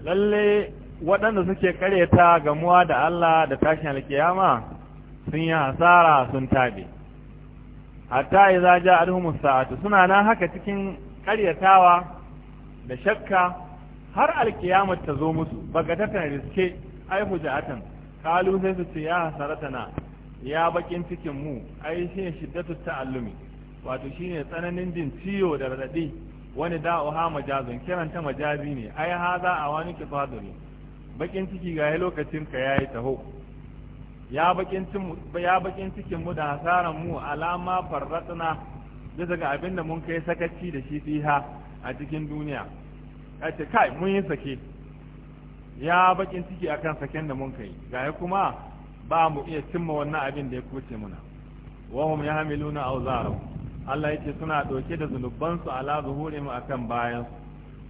Speaker 1: للي waɗanda suke karyata gamuwa da Allah da tashin alkiyama sun yi hasara sun tabe hatta idza ja'alhum sa'atu suna nan haka cikin karyatawa da shakka har alkiyama ta zo musu tana riske ai hujatan kalu sai su ce ya hasaratana ya bakin cikin mu ai shine shiddatu ta'allumi wato shine tsananin jin ciwo da radadi wani da'uha majazun kiranta majazi ne ai haza kifadu ne bakin ciki ga ya lokacin ka yayi taho ya bakin ya cikin mu da hasaran mu alama farratna bisa ga abin da mun kai sakaci da shi fiha a cikin duniya kace kai mun yi sake ya bakin ciki akan saken da mun kai ga kuma ba mu iya cimma wannan abin da ya kuce muna wa hum yahmiluna awzarahum Allah yake suna ɗauke da zunubansu ala zuhurihim akan bayansu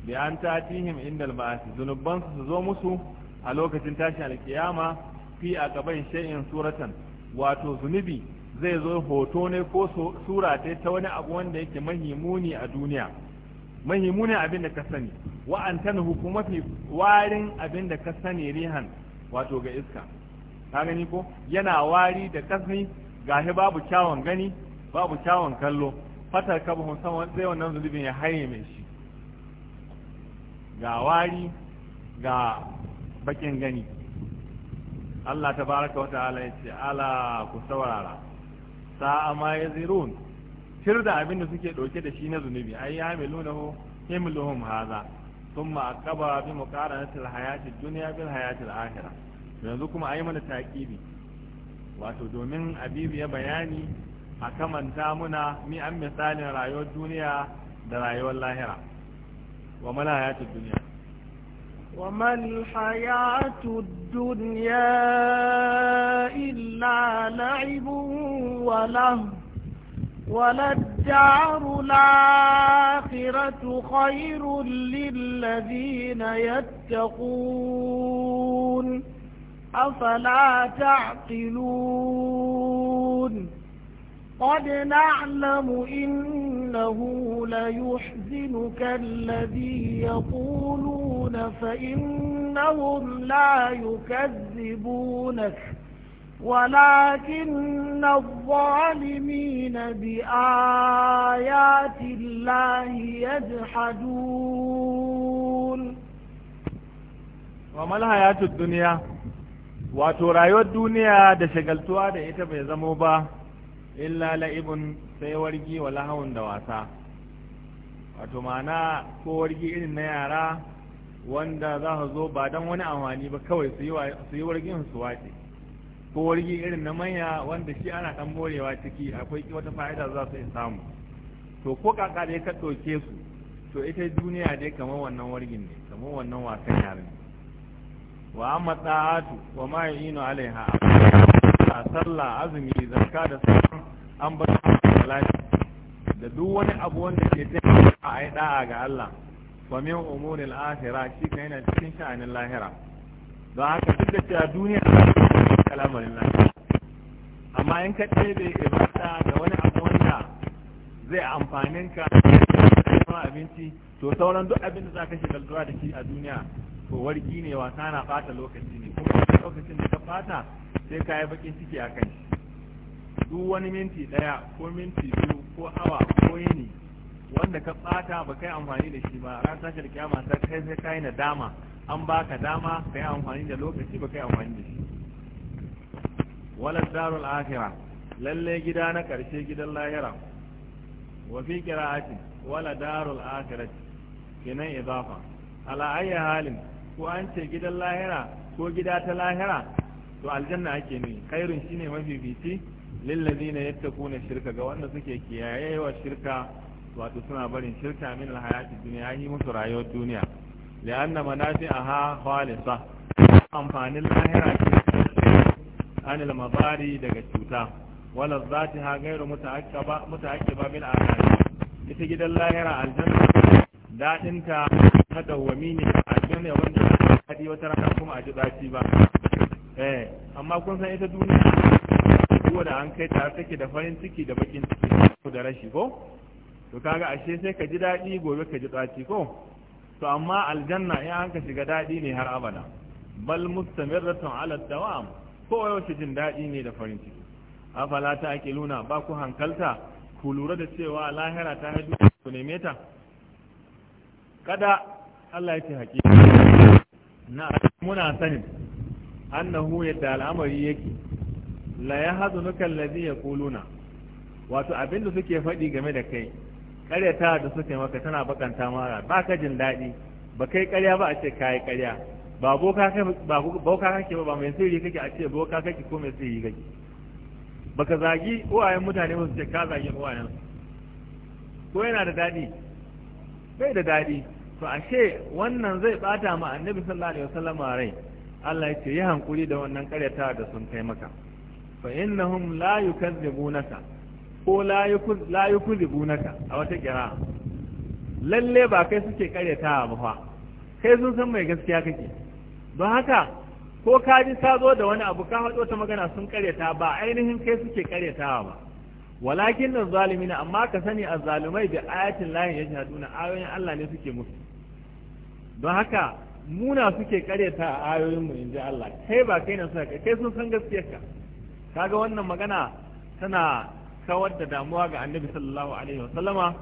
Speaker 1: bi an tatihim indal ba'ath zunuban su zo musu a lokacin tashin alkiyama fi a gaban shay'in suratan wato zunubi zai zo hoto ne ko sura ta wani abu wanda yake mahimuni a duniya mahimuni abin da ka sani wa an tanhu kuma fi warin abin da ka sani rihan wato ga iska ka gani ko yana wari da kasni gashi babu kyawun gani babu kyawun kallo fatar kabuhun sai wannan zunubin ya haye mai shi ga wari ga bakin gani Allah ta baraka wa ta'ala ya ce ala ku saurara sa'a ma ya zirun shir da abin da suke ɗauke da shi na zunubi ai ya mai na ho himluhum haza sun ma a kaba bi mu muqaranatil hayatid duniya bil hayati akhirah yanzu kuma ayi mana taƙibi, wato domin abibi ya bayani a kamanta muna mi an misalin rayuwar duniya da rayuwar lahira وما الحياة الدنيا
Speaker 2: وما الحياة الدنيا إلا لعب وله وللدار الآخرة خير للذين يتقون أفلا تعقلون قد نعلم إنه ليحزنك الذي يقولون فإنهم لا يكذبونك ولكن الظالمين بآيات الله يجحدون
Speaker 1: وما الحياة الدنيا wato الدنيا duniya da بيزموبا illa la'ibun sai wargi wa lahawun da wasa wato ma'ana ko wargi irin na yara wanda za su zo ba don wani amfani ba kawai su yi wargin su wace ko wargi irin na manya wanda shi ana dan morewa ciki akwai wata fa'ida za su samu to ko kaka dai ka ɗauke su to ita duniya dai kamar wannan wargin ne kamar wannan wasan yaren wa amma tsa'atu wa ma ino alaiha a sallah azumi zakka da sauran an bar salati da duk wani abu wanda ke taimaka a yi da'a ga Allah fa min umuri al-akhirah shi kai yana cikin sha'anin lahira don haka duk da cewa duniya ta lamarin lahira amma in ka ɗebe ibada da wani abu wanda zai amfanin ka kuma abinci to sauran duk abin da za ka shigaltuwa da shi a duniya to warki ne wasa na fata lokaci ne kuma lokacin da ka fata. sai ka yi bakin ciki a kai duk wani minti ɗaya ko minti biyu ko awa ko yini wanda ka ɓata ba kai amfani da shi ba ran tashar kyama ta kai sai ka yi nadama an baka dama ka yi amfani da lokaci ba kai amfani da shi walad darul akhirah lalle gida na karshe gidan lahira wa fi qira'ati wala darul akhirah kenan idafa ala ayi halin ko an ce gidan lahira ko gida ta lahira to aljanna ake ne kairin shine mafifici lillazina yattaquna shirka ga wanda suke kiyayewa shirka wato suna barin shirka min alhayati dunya yi musu rayuwar duniya manafi aha khalisa amfanin lahira ke anil mabari daga cuta wala zati ha gairu mutaakkaba mutaakkaba min alhayati ita gidan lahira aljanna dadin ta dawwami ne aljanna wanda ba ta wata rana kuma a ji daci ba eh amma kun san ita duniya ko da an kai ta take da farin ciki da bakin ciki ko da rashi ko to kaga ashe sai ka ji daɗi gobe ka ji tsaci ko to amma aljanna in an ka shiga daɗi ne har abada bal mustamirratun ala dawam ko yaushe jin daɗi ne da farin ciki afala ta akiluna ba ku hankalta ku lura da cewa lahira ta hadu ku neme ta kada Allah ya ce hakika na muna sanin annahu yadda al'amari yake la ya hazu nukan lazi ya kuluna wato abinda suke faɗi game da kai ƙaryata da suke maka tana bakanta mara ba ka jin daɗi ba kai ƙarya ba a ce kayi ƙarya ba boka kake ba ba mai sirri kake a ce boka kake ko mai sirri kake ba ka zagi uwayen mutane ba su ce ka zagi uwayen ko yana da daɗi bai da daɗi to ashe wannan zai ɓata ma annabi sallallahu alaihi wasallam rai Allah ya ce yi hankuri da wannan karyata da sun kai maka fa innahum la yukazzibunaka ko la yukazzibunaka a wata kira lalle ba kai suke karyata ba fa kai sun san mai gaskiya kake don haka ko ka ji ta zo da wani abu ka hado ta magana sun karyata ba ainihin kai suke karyatawa ba walakin zalumi zalimina amma ka sani a zalumai da ayatin layin yajhaduna ayoyin Allah ne suke musu don haka muna suke karyata a ayoyin mu inji Allah kai ba kai na suka kai sun san gaskiyar ka kaga wannan magana tana kawar da damuwa ga annabi sallallahu alaihi wasallama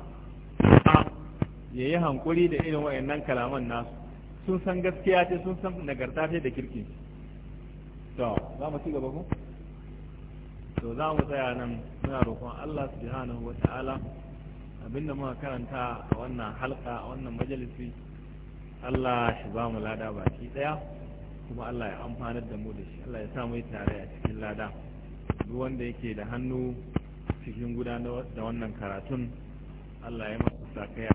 Speaker 1: ya yi hankuri da irin wayannan kalaman nasu sun san gaskiya ce sun san nagarta ce da kirki to za mu ci gaba ko to za mu tsaya nan muna roƙon Allah subhanahu wa ta'ala abinda muka karanta a wannan halka a wannan majalisi Allah shi ba mu lada baki daya kuma Allah ya amfanar da mu da shi Allah ya sa mu tare a cikin lada duk wanda yake da hannu cikin gudanar da wannan karatun Allah ya masa sakaya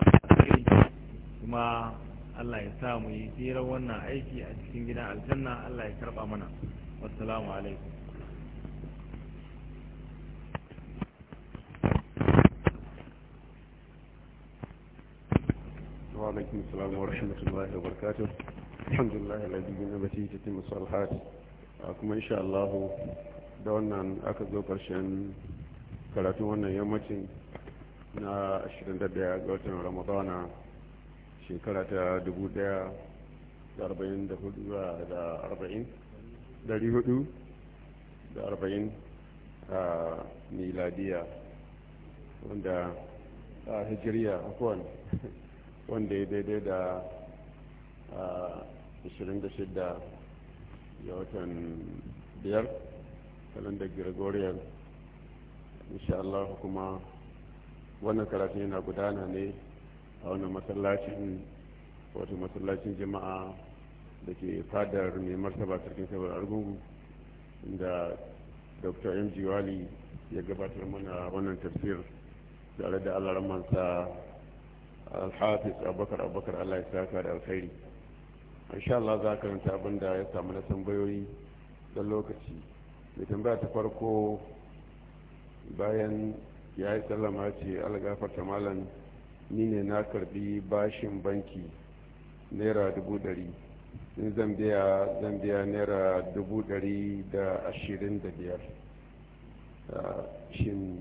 Speaker 1: kuma Allah ya sa mu yi hirar wannan aiki a cikin gidan aljanna Allah ya karba mana wassalamu alaikum
Speaker 5: وعليكم السلام ورحمة الله وبركاته الحمد لله الذي بنعمته تتم الصالحات kuma insha da wannan aka zo karshen karatun wannan yammacin na 21 ga watan Ramadana shekara ta 1440 a miladiya wanda a hijiriya akwai wanda ya daidai da 26 ga watan biyar kalandar gregorian insha Allah kuma wannan karatun yana gudana ne a wannan masallacin wato masallacin jama'a da ke fadar mai martaba sarkin sabar argungu da dr mg wali ya gabatar mana wannan tafsir tare da allah ramansa alhafiz abubakar abubakar allah ya saka da alkhairi insha Allah za ka ranta abin da ya samu na tambayoyi da lokaci mai tambaya ta farko bayan ya yi sallama ce algafarta malam ni ne na karbi bashin banki naira dubu dari in zan biya zan biya naira dubu dari da ashirin da biyar ah, shin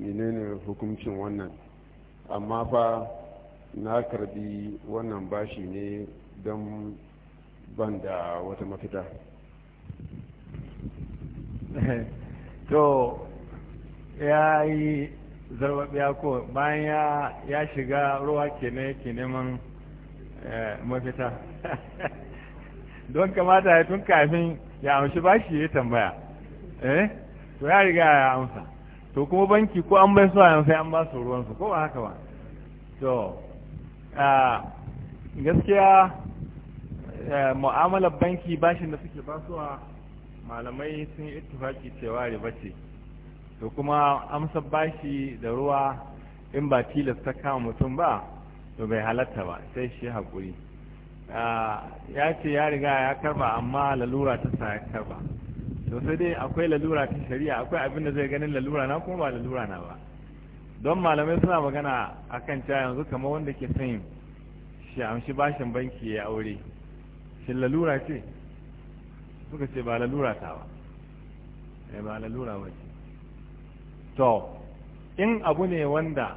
Speaker 5: menene hukuncin wannan amma fa na karbi wannan bashi ne don ban da wata mafita to
Speaker 1: ya yi ya ko bayan ya shiga ruwa kenan ke neman eh, mafita don kamata ya tun kafin ya amshi bashi ya tambaya eh to ya riga ya amsa to kuma banki ko an bai su a sai an ba su ruwansu ko ba haka ba to gaskiya mu'amalar banki bashin da suke ba malamai sun yi ittifaki cewa riba ce to kuma amsar bashi da ruwa in ba tilasta kama mutum ba to bai halatta ba sai shi haƙuri ya ce ya riga ya karba amma lalura ta sa ya karba to sai dai akwai lalura ta shari'a akwai abin da zai ganin lalura na kuma ba lalura na ba don malamai suna magana a kan ca yanzu kamar wanda ke son shi amshi bashin banki ya aure shi lalura ce suka ce ba lalura ta ba eh ba lalura ba ce to in abu ne wanda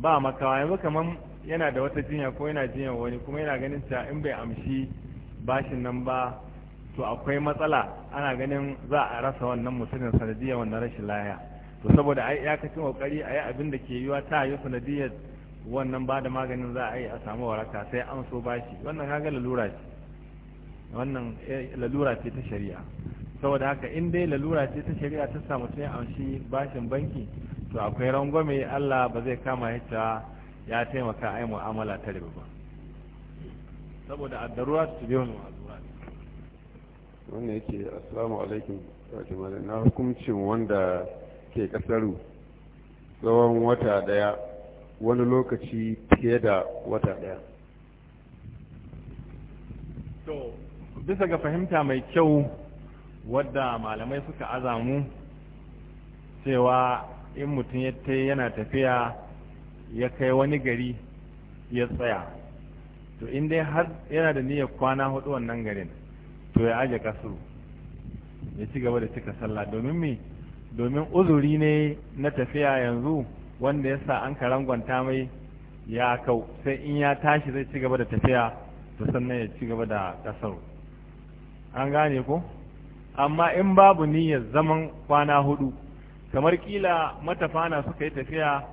Speaker 1: ba makawa yanzu kamar yana da wata jinya ko yana jinya wani kuma yana ganin ta in bai amshi bashin nan ba to akwai matsala ana ganin za a rasa wannan mutumin sanadiyar wannan rashin laya to saboda ai ya kacin kokari a yi abin da ke yiwa ta yi sanadiyar wannan ba da maganin za a yi a samu waraka sai an so bashi wannan kaga lalura ce wannan eh, lalura ce ta shari'a saboda haka in dai lalura ce ta shari'a ta samu tun amshi bashin banki to akwai rangwame Allah ba zai kama ya ya taimaka
Speaker 5: ai mu'amala ta riba ba
Speaker 1: saboda addarura su bihul ma'azura
Speaker 5: wannan yake assalamu alaikum malam na hukuncin wanda ke kasaru tsawon wata daya wani lokaci fiye da wata daya to
Speaker 1: bisa ga fahimta mai kyau wadda malamai suka azamu cewa in mutum ya ta yana tafiya ya kai wani gari ya tsaya to in har yana da niyyar kwana hudu wannan garin to ya aje kasuru ya ci gaba da cika sallah domin me domin uzuri ne na tafiya yanzu wanda ya sa an karangwanta mai ya kau sai in ya tashi zai ci gaba da tafiya to sannan ya ci gaba da ƙasar an gane ko amma in babu niyyar zaman kwana hudu kamar kila matafana suka yi tafiya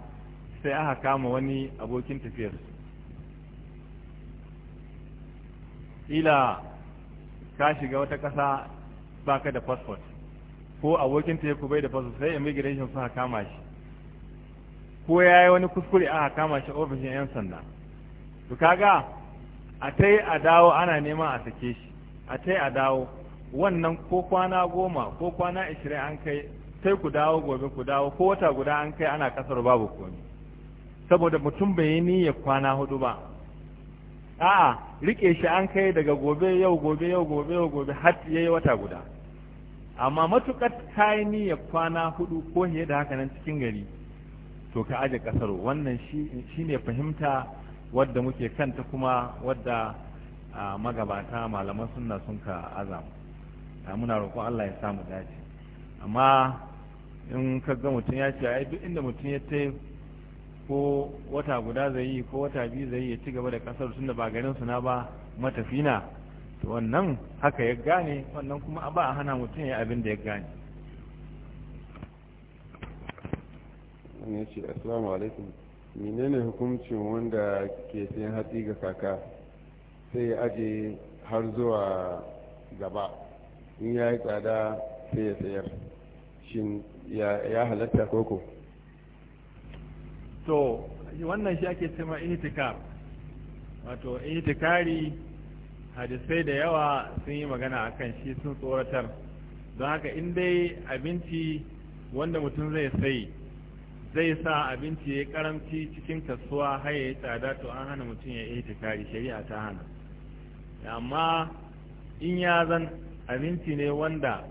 Speaker 1: sai aka kama wani abokin tafiyar ƙila. ka shiga wata ƙasa baka da passport ko abokin teku bai da passport sai immigration suka kama shi ko ya yi wani kuskure aka kama shi ofishin 'yan sanda to kaga a ta a dawo ana nema a sake shi a ta a dawo wannan ko kwana goma ko kwana ishirin an kai sai ku dawo gobe ku dawo ko wata guda an kai ana kasar babu komi saboda mutum bai yi niyyar kwana hudu ba a'a rike shi an kai daga gobe yau gobe yau gobe yau gobe har yi wata guda amma matukar kayan kwana hudu ko fiye da haka nan cikin gari to ka aje kasar wannan shi shine fahimta wadda muke kanta kuma wadda magabata malaman sunna sun ka azamu muna roƙon Allah ya samu dace amma in ka ga mutum ya ce ai duk inda mutum ya ta ko wata guda zai yi ko wata biyu zai ya ci gaba da kasar da ba garin na ba matafina to wannan haka ya gane wannan kuma ba a hana mutum ya abin da ya gane
Speaker 5: ne ce assalamu alaikum menene hukuncin wanda ke sayan hatsi ga kaka sai ya aje har zuwa gaba in ya yi tsada sai ya sayar shin ya halatta koko
Speaker 1: to wannan shi ake cewa ihtikar wato itikari hadisai da yawa sun yi magana akan shi sun tsoratar don haka in dai abinci wanda mutum zai sai zai sa abinci ya karamci cikin kasuwa har ya tsada to an hana mutum ya itikari shari'a ta hana amma in ya zan abinci ne wanda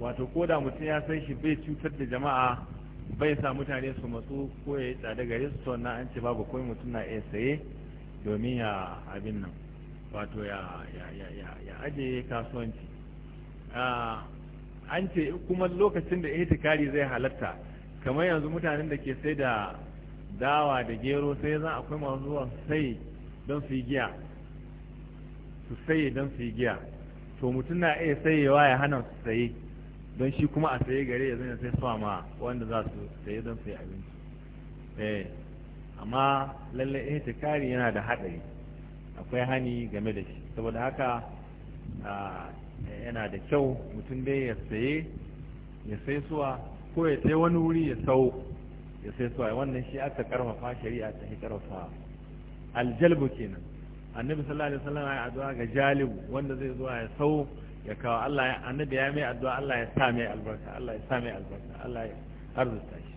Speaker 1: wato koda mutum ya sai shi bai cutar da jama'a bai sa mutane su matsu ko ya yi tsada gare su to na an ce babu kawai mutum na iya saye domin ya abin nan wato ya ajiye kasuwanci an ce kuma lokacin da itikari zai halatta kamar yanzu mutanen da ke sai da dawa da gero sai zan akwai masu zuwa sai don su yi giya su saye don su yi giya to mutum na iya sayewa ya hana su saye don shi kuma a saye gare ya zai sai suwa ma wanda za su saye don sai abinci eh amma lallai tikari yana da haɗari akwai hani game da shi saboda haka yana da kyau mutum dai ya saye ya sai suwa ko ya sai wani wuri ya sau ya sai suwa wannan shi aka karfafa shari'a ta shi karfafa aljalbu kenan annabi sallallahu alaihi wasallam ya addu'a ga jalibu wanda zai zuwa ya sau ya kawo Allah ya annabi ya mai addu'a Allah ya sa mai albarka Allah ya sa mai albarka Allah ya arzuta shi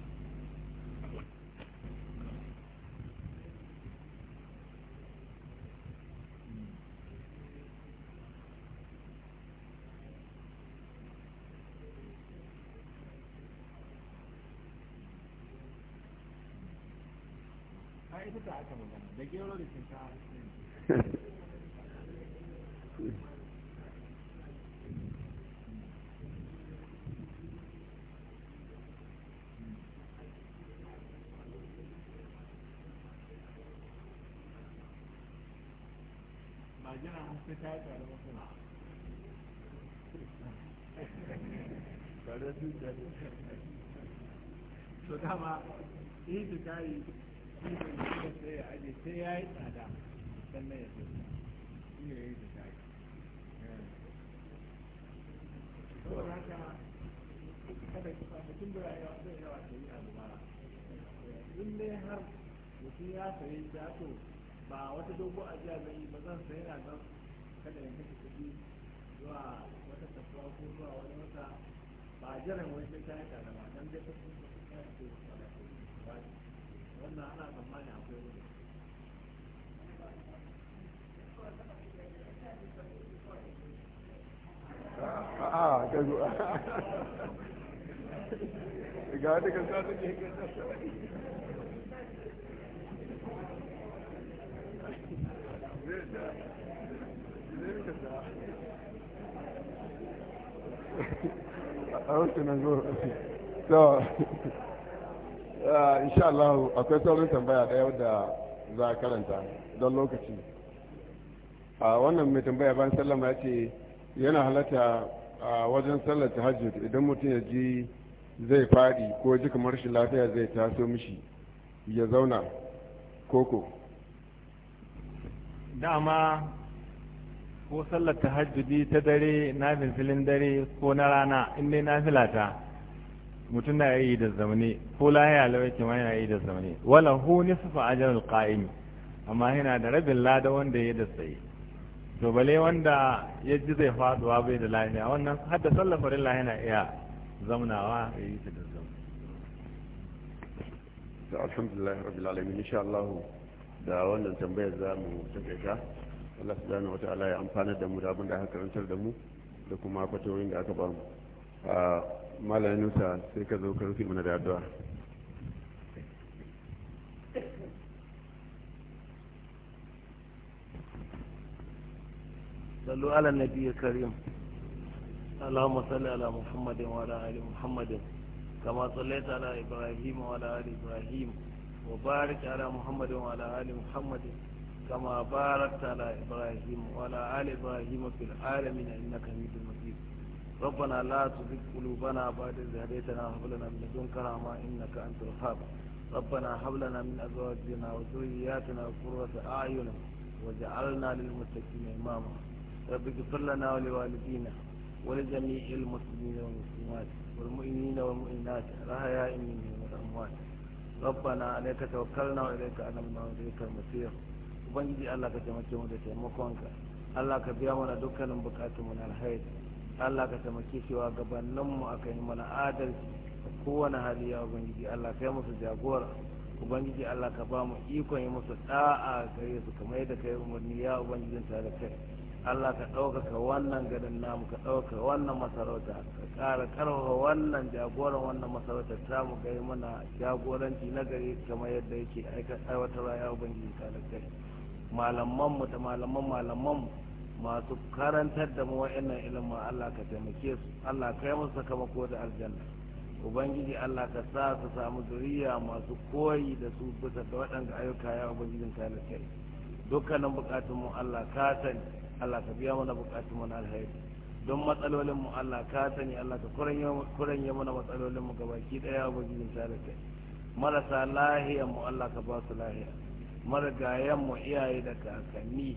Speaker 1: ita ta aka magana
Speaker 4: da gero da shinkafa
Speaker 1: to dama in su yi shi ne sai ya aje sai ya yi tsada sannan sai shi ne ya yi tsada saboda haka kada da yawa yawa ta yi al'umara dai har mutum ya sayi ba wata dogo ajiya zai yi ba zan sayi na zan kada ya kashe kuɗi
Speaker 3: zuwa wata kasuwa ko zuwa wani wata ba a jiran wani sai kayan ba dan dai kasu da su kayan wannan ana tsammani akwai
Speaker 4: wani ga wata ta ke
Speaker 5: Uh, insha Allah akwai saurin tambaya daya wadda za a karanta don lokaci a wannan mai tambaya bayan sallama ya ce yana halatta a wajen sallar hajji idan mutum ya ji zai faɗi ko ji kamar shi lafiya zai taso mishi ya zauna koko dama ko sallar tahajjudi ta
Speaker 1: dare na filin dare ko na rana in dai na filata mutum na yi da zamani ko lahiya ke ma yana yi da zamani wala hu nisfu ajrul qa'im amma yana da rabin lada wanda ya da tsaye to bale wanda ya ji zai faduwa bai da lahiya wannan hadda sallar farilla yana iya zamnawa ya yi ta da zamani
Speaker 5: alhamdulillah rabbil alamin insha Allah da wannan tambayar zamu tafi ta Allah su zane wata ala ya amfanar da mu da abin da aka karantar da mu da kuma kwatoyin da aka bamu mu. Malam Nusa sai ka zo ka rufi mana da addu'a.
Speaker 3: Sallu ala Nabi ya karim. Allahumma salli ala Muhammadin wa ala ali Muhammadin. Kama ta ala Ibrahim wa ala ali Ibrahim. Wa barika ala Muhammadin wa ala ali Muhammadin. كما باركت على إبراهيم وعلى آل إبراهيم في العالمين إنك حميد مجيد ربنا لا تزغ قلوبنا بعد إذ هديتنا وهب لنا من لدنك رحمة إنك أنت الوهاب ربنا هب لنا من أزواجنا وذرياتنا قرة أعين وجعلنا للمتقين إماما رب اغفر لنا ولوالدينا ولجميع المسلمين والمسلمات والمؤمنين والمؤمنات الأحياء منهم والأموات ربنا عليك توكلنا وإليك أنبنا وإليك المسيح ubangiji Allah ka taimake mu da taimakonka Allah ka biya mana dukkanin bukatun mu na alheri Allah ka taimake cewa gabanin mu aka yi mana adalci kowane hali ya ubangiji Allah kai musu jagora ubangiji Allah ka ba mu ikon yi musu da'a gare su kamar yadda kai umarni ya ta tare kai Allah ka ɗaukaka wannan garin namu ka ɗaukaka wannan masarauta ka ƙara ƙarfafa wannan jagoran wannan masarautar ta mu kai mana jagoranci na gari kamar yadda yake aiwatarwa ya ubangiji tare kai malamanmu da malaman malamanmu masu karantar da mu wa'annan ilimin Allah ka taimake su Allah kai musu sakamako da aljanna ubangiji Allah ka sa su samu zuriya masu koyi da su bisa da waɗanda ayyuka ya ubangijin ta da kai dukkanin bukatun mu Allah ka sani Allah ka biya mana bukatun mu na alheri don matsalolin mu Allah ka sani Allah ka kuranye mana matsalolin mu gabaki daya ubangijin ta da kai marasa lahiyan mu Allah ka ba su lahiya marigayen mu iyaye da kakanni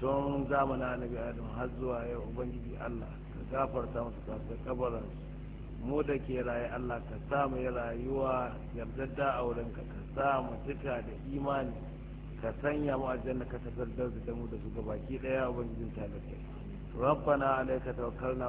Speaker 3: tun zamana na adam har zuwa yau ubangiji Allah ka gafarta musu kafin kabarin mu da ke raye Allah ka sa mu ya rayuwa yardadda a wurinka ka sa mu cika da imani ka
Speaker 4: sanya mu aljanna ka tafar da mu da su gabaki daya ubangijin talibai ربنا عليك توكلنا